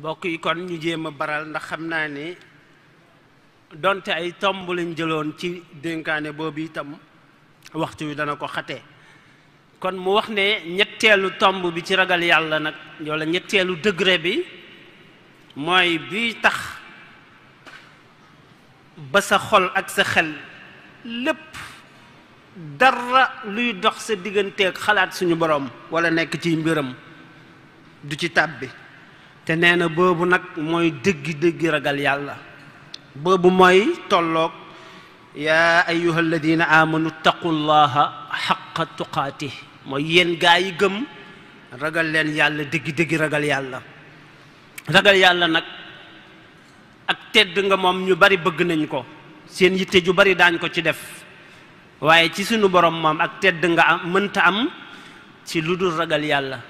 mbokk yi kon ñu jéem a baral ndax xam naa ne donte ay tomb lañ jëloon ci dénkaane boobu itam waxtu wi dana ko xate kon mu wax ne ñetteelu tomb bi ci ragal yàlla nag walla ñetteelu degré bi mooy bi tax ba sa xol ak sa xel lépp dara luy dox sa digganteeg xalaat suñu borom walla nekk ci mbiram du ci tàbbi te nee na boobu nag mooy dëggi-dëggi ragal yàlla boobu mooy tollook yaa ayuha alladina amanu taqullaha xaqa tuqaati mooy yéen gaa yi gëm ragal leen yàlla dëggi-dëggi ragal yàlla ragal yàlla nag ak tedd nga moom ñu bari bëgg nañu ko seen yitte ju bari daañ ko ci def waaye ci sunu borom moom ak tedd nga am mënta am ci lu dul ragal yàlla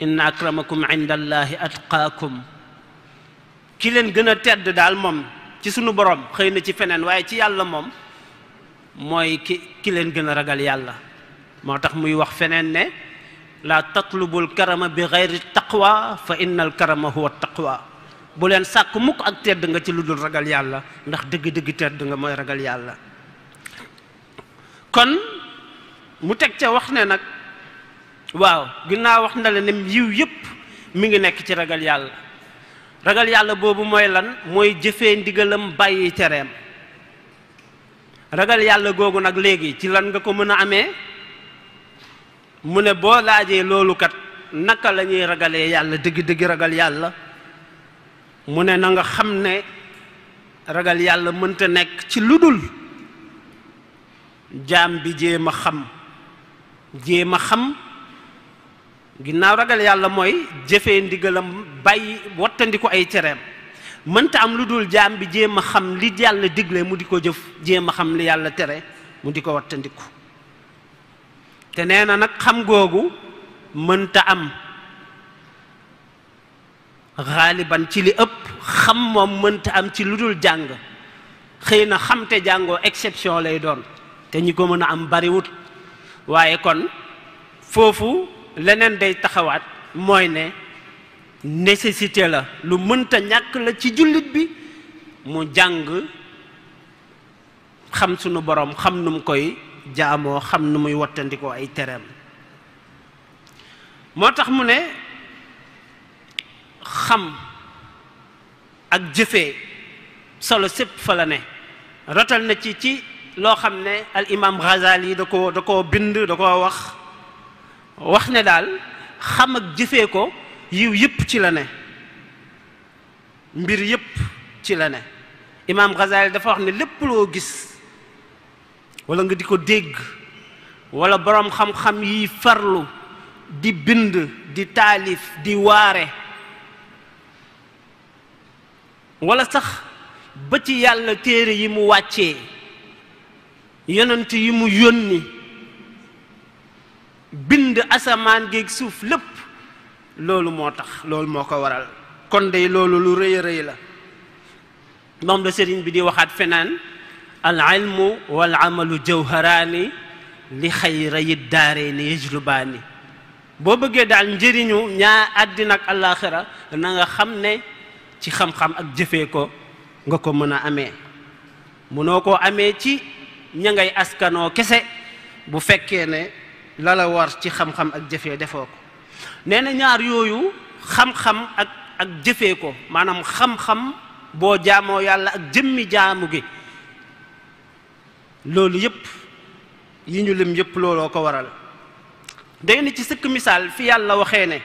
inna akramakum inda allahi atqaakum ki leen gën a tedd daal moom ci sunu borom xëy na ci feneen waaye ci yàlla moom mooy ki ki leen gën a ragal yàlla moo tax muy wax feneen ne laa tatlubu alkarama bi geyri taqwa fa inna alkarama huwa taqwa bu leen sàkk mukk ak tedd nga ci lu dul ragal yàlla ndax dëgg-dëgg tedd nga mooy ragal yàlla kon mu teg ca wax ne nag waaw ginnaaw wax na la ne yiw yëpp mi ngi nekk ci ragal yàlla ragal yàlla boobu mooy lan mooy jëfee ndigalam bàyyi tereem ragal yàlla googu nag léegi ci lan nga ko mën a amee mu ne boo laajee loolu kat naka lañuy ñuy ragalee yàlla dëgg-dëgg ragal yàlla mu ne na nga xam ne ragal yàlla mënta nekk ci lu dul jaam bi jéem a xam jéem a xam ginnaaw ragal yàlla mooy jëfe ndigalam bàyyi wattandiku ay cereem mënta am lu dul jaam bi jéem a xam li yàlla digle mu di ko jëf jéem a xam li yàlla tere mu di ko wattandiku te nee na nag xam googu mënta am xaaliban ci li ëpp xam moom mënta am ci lu dul jàng xëy na xam te jàngoo exception lay doon te ñi ko mën a am bariwut waaye kon foofu leneen day taxawaat mooy ne nécessité la lu mënta ñàkk la ci jullit bi mu jàng xam sunu borom xam nu mu koy jaamoo xam nu muy wattandikoo ay tereem moo tax mu ne xam ak jëfe solo sépp fa la ne rotal na ci ci loo xam ne al imam Ghazali da ko da koo bind da ko wax wax ne daal xam ak jëfe ko yiw yëpp ci la ne mbir yépp ci la ne imaam Ghazali dafa wax ne lépp loo gis walla nga di ko dégg walla boroom xam-xam yiy farlu di bind di taalif di waare wala sax ba ci yàlla téere yi mu wàccee yonent yi mu yónni bind asamaan géeg suuf lépp loolu moo tax loolu moo ko waral kon day loolu lu rëy rëy la moom la sëriñ bi di waxaat fenaan al ilmu wal amalu jawharaani li xayrayi daareeni yajlubaani boo bëggee daal njëriñu ñaa àddina ak àllaaxira na nga xam ne ci xam-xam ak jëfee ko nga ko mën a amee mënoo ko amee ci ña ngay askanoo kese bu fekkee ne la war ci xam-xam ak jëfee defoo ko nee na ñaar yooyu xam-xam ak ak jëfee ko maanaam xam-xam boo jaamoo yàlla ak jëmmi jaamu gi loolu yëpp yi ñu lim yépp looloo ko waral day ni ci sëkk misaal fi yàlla waxee ne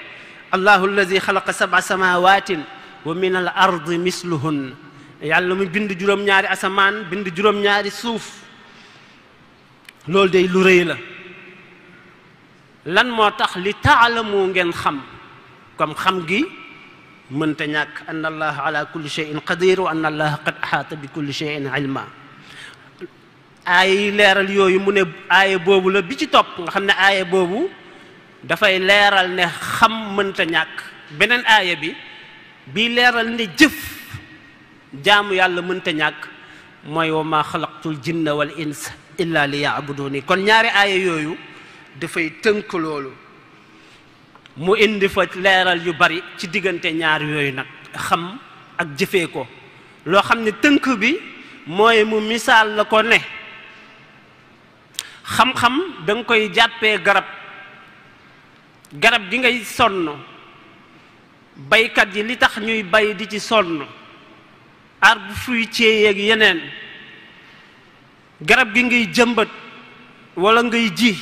allahu alladi xalaqa sab'a samawaatin wa min ard ardi misluhun yàlla mu bind juróom-ñaari asamaan bind juróom-ñaari suuf loolu de lu rëy la lan moo tax li taalamu ngeen xam comme xam gi mënta ñàkk anna allaha ala kulli shay'in qadir wa anna allaha qad ahaata bi kulli shay'in ilma leeral yooyu mu ne aaya boobu la bi ci topp nga xam ne aye boobu dafay leeral ne xam mënta ñàkk beneen aaya bi bii leeral ne jëf jaamu yàlla mënta ñàkk mooy wa ma xalaqtul jinna wal insa illa li yaabuduni kon ñaari aaya yooyu dafay tënk loolu mu indi fa leeral yu bari ci diggante ñaar yooyu nag xam ak jëfe ko loo xam ne tënk bi mooy mu misaal la ko ne xam-xam da koy jàppee garab garab gi ngay sonn baykat yi li tax ñuy bay di ci sonn fuy fruitier ak yeneen garab gi ngay jëmbat walla ngay ji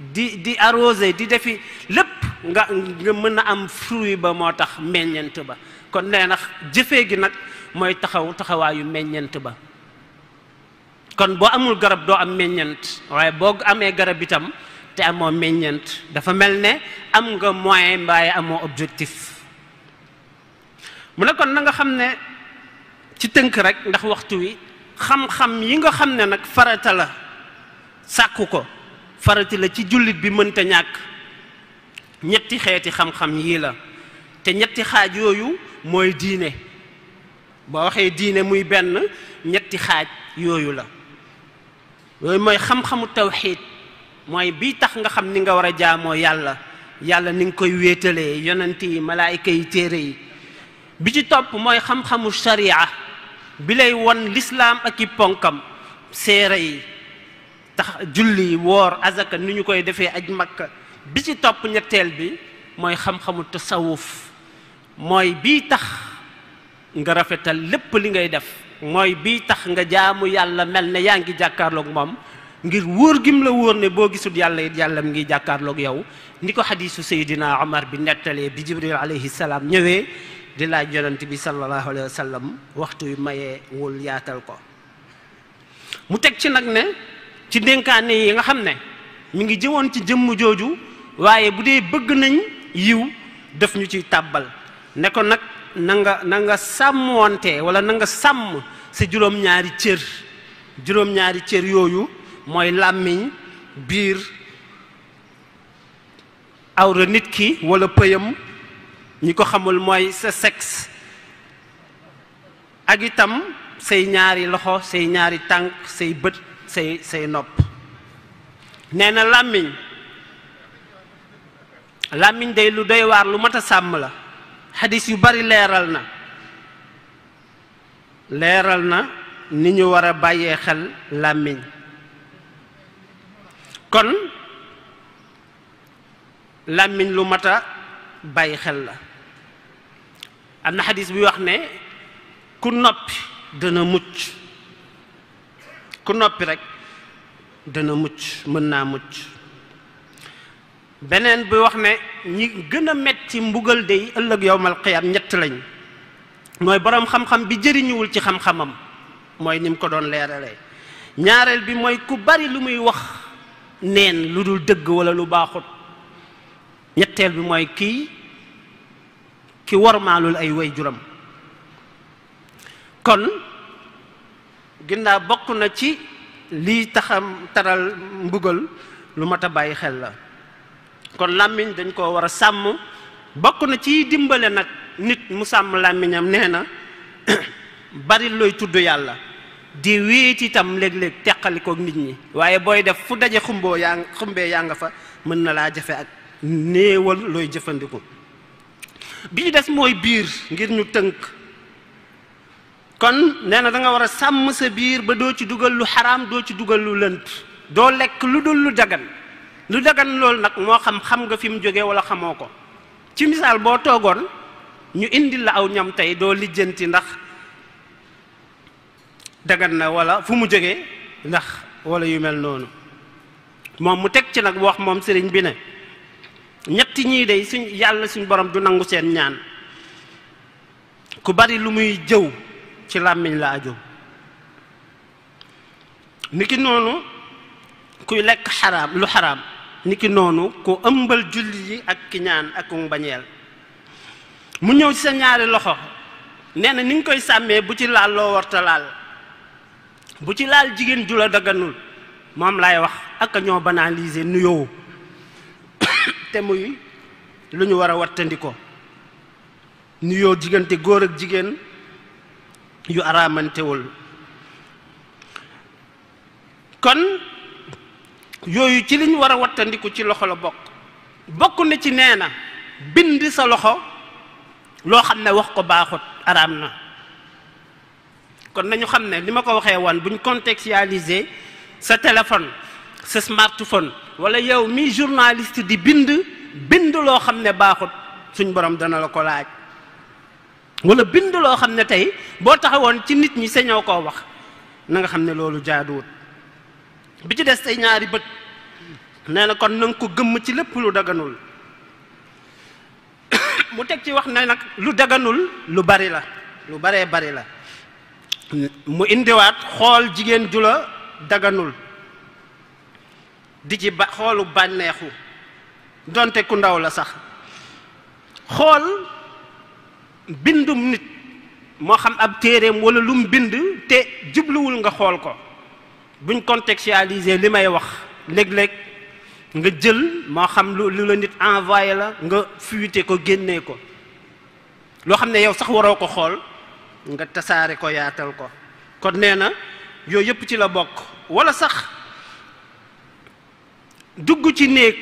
di di arrosé di defi lépp nga nga mën a am fruit ba moo tax meññent ba kon nee na jëfe gi nag mooy taxaw taxawaayu meññent ba kon boo amul garab doo am meññent waaye boo amee garab itam te amoo meññent dafa mel ne am nga moyen mbaaye amoo objectif mu ne kon na nga xam ne ci tënk rek ndax waxtu wi xam-xam yi nga xam ne nag farata la sàkku ko farati la ci jullit bi mënta ñàkk ñetti xeeti xam-xam yii la te ñetti xaaj yooyu mooy diine boo waxee diine muy benn ñetti xaaj yooyu la yooyu mooy xam-xamu tawxiid mooy bii tax nga xam ni nga war a jaamoo yàlla yàlla ni nga koy wéetalee yonent yi malaayika yi téere yi bi ci topp mooy xam-xamu sharia bi lay won lislaam ak i ponkam séere yi tax julli woor azaka ni ñu koy defee aj makka bi ci topp ñetteel bi mooy xam-xamu tasawuf mooy bii tax nga rafetal lépp li ngay def mooy bii tax nga jaamu yàlla mel ne yaa ngi jàkkaarloog moom ngir wóor gim la wóor ne boo gisul yàlla it yàlla mi ngi jàkkaarloog yow ni ko xadiisu Seydina Omar bi nettalee bi Jibril alayhi salaam ñëwee di laaj yonent bi sallallahu alayhi wa sallam waxtu yu mayee wul yaatal ko mu teg ci nag ne ci dénkaane yi nga xam ne mu ngi jëwoon ci jëmm jooju waaye bu dee bëgg nañu yiw def ñu ciy tàbbal ne ko nag na nga na nga sàmmoonte wala na nga sàmm sa juróom-ñaari cër juróom-ñaari cër yooyu mooy làmmiñ biir awra nit ki walla pëyam ñi ko xamul mooy sa sexe ak itam say ñaari loxo say ñaari tànk say bët say say nopp nee na làmmiñ làmmiñ day lu doy waar lu mat a sàmm la xadis yu bari leeral na leeral na ni ñu war a bàyyee xel làmmiñ kon làmmiñ lu mat a bàyyi xel la am na xadis bi wax ne ku noppi dana mucc ku noppi rek dana mucc mën naa mucc beneen bi wax ne ñi gëna metti mbugal day ëllëg yowmal qiyaam ñett lañ mooy boroom xam-xam bi jëriñuwul ci xam-xamam mooy ni mu ko doon leerale ñaareel bi mooy ku bari lu muy wax neen lu dul dëgg walla lu baaxut ñetteel bi mooy kii ki wormaalul ay way juram kon ginnaaw bokk na ci lii taxam taral mbugal lu mat a bàyyi xel la kon làmmiñ dañ koo war a sàmm bokk na ci dimbale nag nit mu sàmm làmmiñam nee na bari looy tudd yàlla di wéet itam léeg-léeg teqalikook nit ñi waaye booy def fu daje xumboo yaa xumbee yaa nga fa mën na laa jafe ak néewal looy jëfandiku bi ñu des mooy biir ngir ñu tënk kon nee na danga war a sàmm sa biir ba doo ci dugal lu xaraam doo ci dugal lu lënt doo lekk lu dul lu dagan lu dagan loolu nag moo xam xam nga fi mu jóge wala xamoo ko ci misaal boo toogoon ñu indil la aw ñam tey doo lijjanti ndax dagan na wala fu mu jógee ndax walla yu mel noonu moom mu teg ci nag wax moom sëriñ bi ne ñetti ñii day suñ yàlla suñ borom du nangu seen ñaan ku bari lu muy jëw ci làmmiñ la aju niki noonu kuy lekk xaraam lu xaraam niki noonu ku ëmbal julli yi ak kiñaan ak mu mu ñëw ci sa ñaari loxo nee na ni nga koy sàmmee bu ci laal loo warta laal bu ci laal jigéen ju la daganul moom lay wax ak ñoo banaliser nuyoo te muy lu ñu war a wattandi ko nuyoo diggante góor ak jigéen yu araamantewul kon yooyu ci liñ war a wattandiku ci loxo la bokk bokk na ci nee na bind sa loxo loo xam ne wax ko baaxut araam na kon nañu xam ne li ma ko waxee wan buñ contextualiser sa téléphone sa smartphone wala yow mi journaliste di bind bind loo xam ne baaxut suñ borom dana la ko laaj wala bind loo xam ne tey boo taxawoon ci nit ñi sañoo koo wax na nga xam ne loolu jaaduwut bi ci des say ñaari bët nee na kon na nga ko gëmm ci lépp lu daganul mu teg ci wax ne nag lu daganul lu bari la lu baree bari la mu indiwaat xool jigéen ju la daganul di ci xoolu bànneexu donte ku ndaw la sax xool bindum nit moo xam ab téereem wala lum bind te jubluwul nga xool ko buñ contextualiser li may wax léeg-léeg nga jël moo xam lu la nit envoyé la nga fuité ko génnee ko loo xam ne yow sax waroo ko xool nga tasaare ko yaatal ko kon nee na yooyu yëpp ci la bokk wala sax dugg ci néeg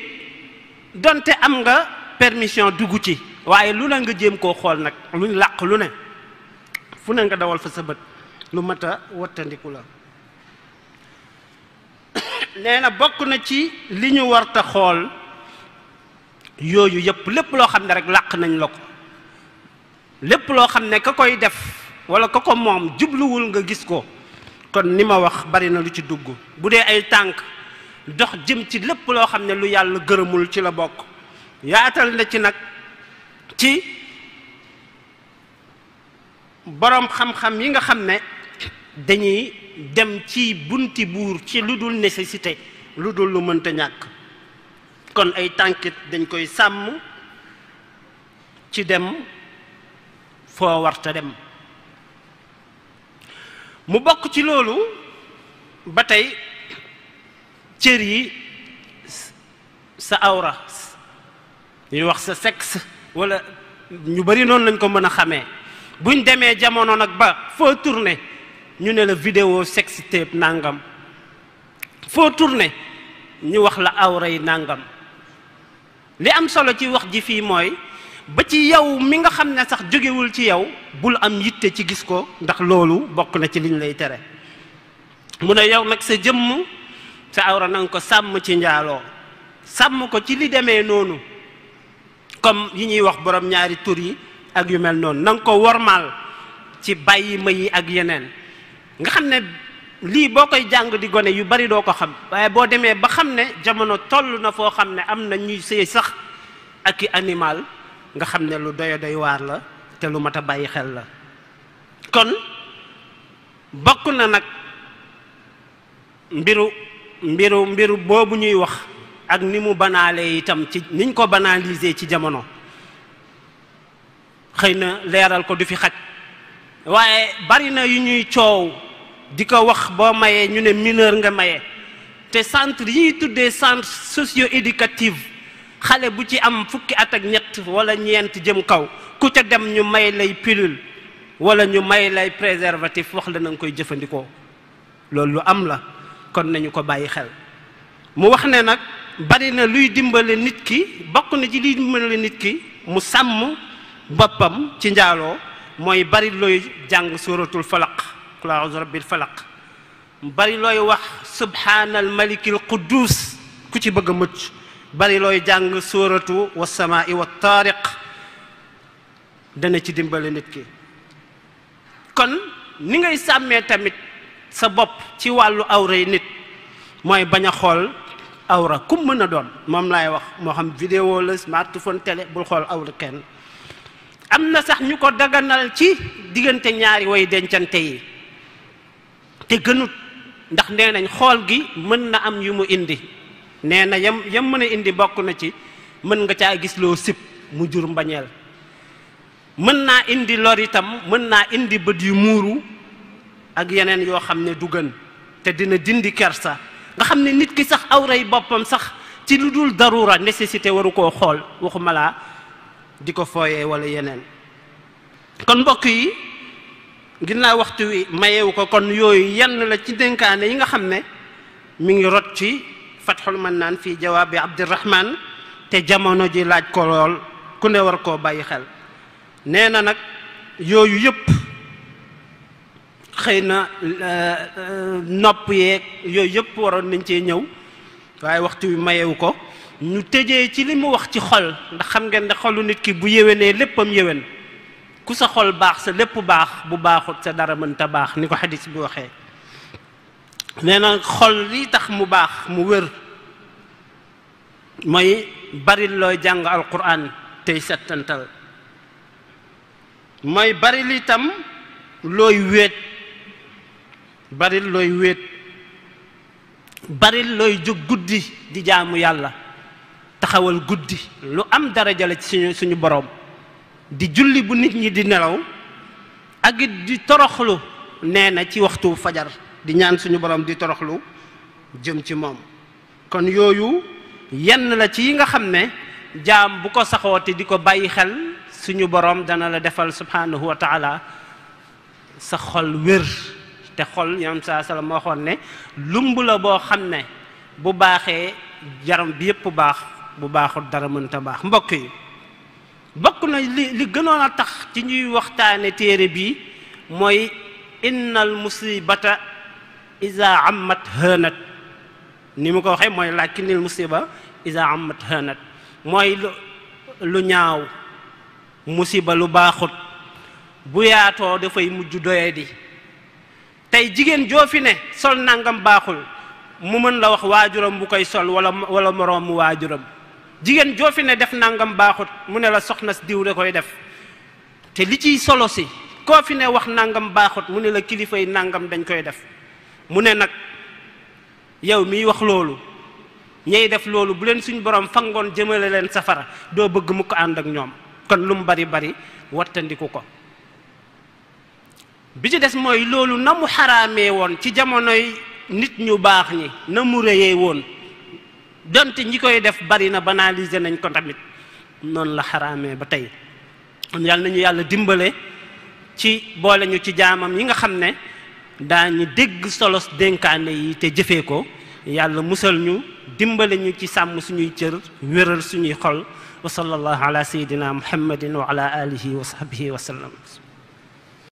donte am nga permission dugg ci waaye lu ne nga jéem koo xool nag luñ làq lu ne fu ne nga dawal fa sa bët lu mat a wattandiku la nee na bokk na ci li ñu warta xool yooyu yëpp lépp loo xam ne rek làq nañ la ko lépp loo xam ne ka koy def wala ka ko moom jubluwul nga gis ko kon ni ma wax bari na lu ci dugg bu dee ay tànk dox jëm ci lépp loo xam ne lu yàlla gërëmul ci la bokk yaatal na ci nag ci boroom xam-xam yi nga xam ne dañuy dem ci bunti buur ci lu dul nécessité lu dul lu mënta ñàkk kon ay tànkit dañ koy sàmm ci dem foo warta dem mu bokk ci loolu ba tey cër yi sa awra ñuy wax sa sexe wala ñu bari noonu lañ ko mën a xamee buñ demee jamono nag ba foo tourné ñu ne la vidéo sex tape nangam foo tourné ñu wax la awra yi nangam li am solo ci wax ji fii mooy ba ci yow mi nga xam ne sax jógewul ci yow bul am yitte ci gis ko ndax loolu bokk na ci liñ lay tere mu ne yow nag sa jëmm sa awra na ko sàmm ci njaaloo sàmm ko ci li demee noonu comme yi ñuy wax borom ñaari tur yi ak yu mel noonu na nga ko wormaal ci bàyyi ma yi ak yeneen nga xam ne lii boo koy jàng di gone yu bari doo ko xam waaye boo demee ba xam ne jamono toll na foo xam ne am na ñuy sëy sax ak i animal nga xam ne lu doy doy waar la te lu mat a bàyyi xel la kon bokk na nag mbiru mbiru mbiru boobu ñuy wax ak ni mu banaale itam ci niñ ko banaliser ci jamono xëy na leeral ko du fi xaj waaye bari na yu ñuy coow di ko wax boo mayee ñu ne mineur nga maye te centre yi ñuy tuddee centre socio-éducatif xale bu ci am fukki at ak ñett wala ñeent jëm kaw ku ca dem ñu may lay pilule wala ñu may lay préservatif wax la na koy jëfandikoo loolu am la kon nañu ko bàyyi xel mu wax ne nag bari na luy dimbale nit ki bokk na ci luy dimbale nit ki mu sàmm boppam ci njaaloo mooy bari looy jàng suratul falaq qul a'udhu wax subhaanal malikil ku ci bëgg a mucc bari jàng suratu wasamaa'i dana ci dimbale nit ki kon ni ngay sàmmee tamit sa bopp ci wàllu awray nit mooy bañ a xool awra kum mën a doon moom laay wax moo xam vidéo la smartphone télé bul xool awra kenn am na sax ñu ko daganal ci diggante ñaari way dencante yi te gënut ndax nee nañ xool gi mën na am yu mu indi nee na yam yam mën a indi bokk na ci mën nga caa gis loo sib mu jur mbañeel mën naa indi lor itam mën naa indi bët yu muuru ak yeneen yoo xam ne du gën te dina dindi kersa nga xam ne nit ki sax awray boppam sax ci lu dul darura nécessité waru koo xool waxuma laa di ko fooyee wala yeneen kon mbokk yi ginnaaw waxtu wi mayewu ko kon yooyu yenn la ci dénkaane yi nga xam ne mu ngi rot ci fatxul naan fii jawaabi abdirahman te jamono ji laaj ko lool ku ne war koo bàyyi xel nee na nag yooyu yëpp xëy na euh, euh, nopp yeeg yooyu yëpp waroon nañ cee ñëw waaye waxtu wi mayewu ko ñu tëjee ci li mu wax ci xol ndax xam ngeen ne xolu nit ki bu yéwénee léppam yéwén ku sa xol baax sa lépp baax bu baaxut sa dara mënta baax ni ko xadis bi waxee nee na xol lii tax mu baax mu wér mooy baril looy jàng alquran tey settantal mooy bari li looy wéet baril looy wéet baril looy jóg guddi di jaamu yàlla taxawal guddi lu am daraja la ci suñu boroom di julli bu nit ñi di nelaw ak it di toroxlu nee na ci waxtu fajar di ñaan suñu boroom di toroxlu jëm ci moom kon yooyu yenn la ci yi nga xam ne jaam bu ko te di ko bàyyi xel suñu boroom dana la defal subhanahu wa taala sa xol wér te xol yonent saa sallam moo waxoon ne lumb la boo xam ne bu baaxee jaram bi yëpp baax bu baaxul dara mënta baax mbokk yi bokk na li li gënoon a tax ci ñuy waxtaane téere bi mooy innal musibata isa amat hënat ni mu ko waxee mooy lakinil musiba isa amat hënat mooy lu ñaaw musiba lu baaxut bu yaatoo dafay mujj doye di tey jigéen joo fi ne sol nangam baaxul mu mën la wax waajuram bu koy sol wala wala moroomu waajuram jigéen joo fi ne def nangam baaxut mu ne la soxna diw da koy def te li ciy solo si koo fi ne wax nangam baaxut mu ne la kilifa yi nangam dañ koy def mu ne nag yow miy wax loolu ñey def loolu bu leen suñ borom fangoon jëmale leen safara doo bëgg mu ko ànd ak ñoom kon lu mu bari bari wattandiku ko bi ci des mooy loolu na mu xaraamee woon ci jamonoy nit ñu baax ñi na mu rëyee woon donte ñi koy def bari na banaliser nañ ko tamit noonu la xaraamee ba tey kon yàlla nañu yàlla dimbale ci boole ñu ci jaamam yi nga xam ne daañu dégg solos dénkaane yi te jëfee ko yàlla musal ñu dimbale ñu ci sàmm suñuy cër wéral ñuy xol wa sallallahu ala sayidina muhammadin wa ala alihi wa sahbihi wa sallam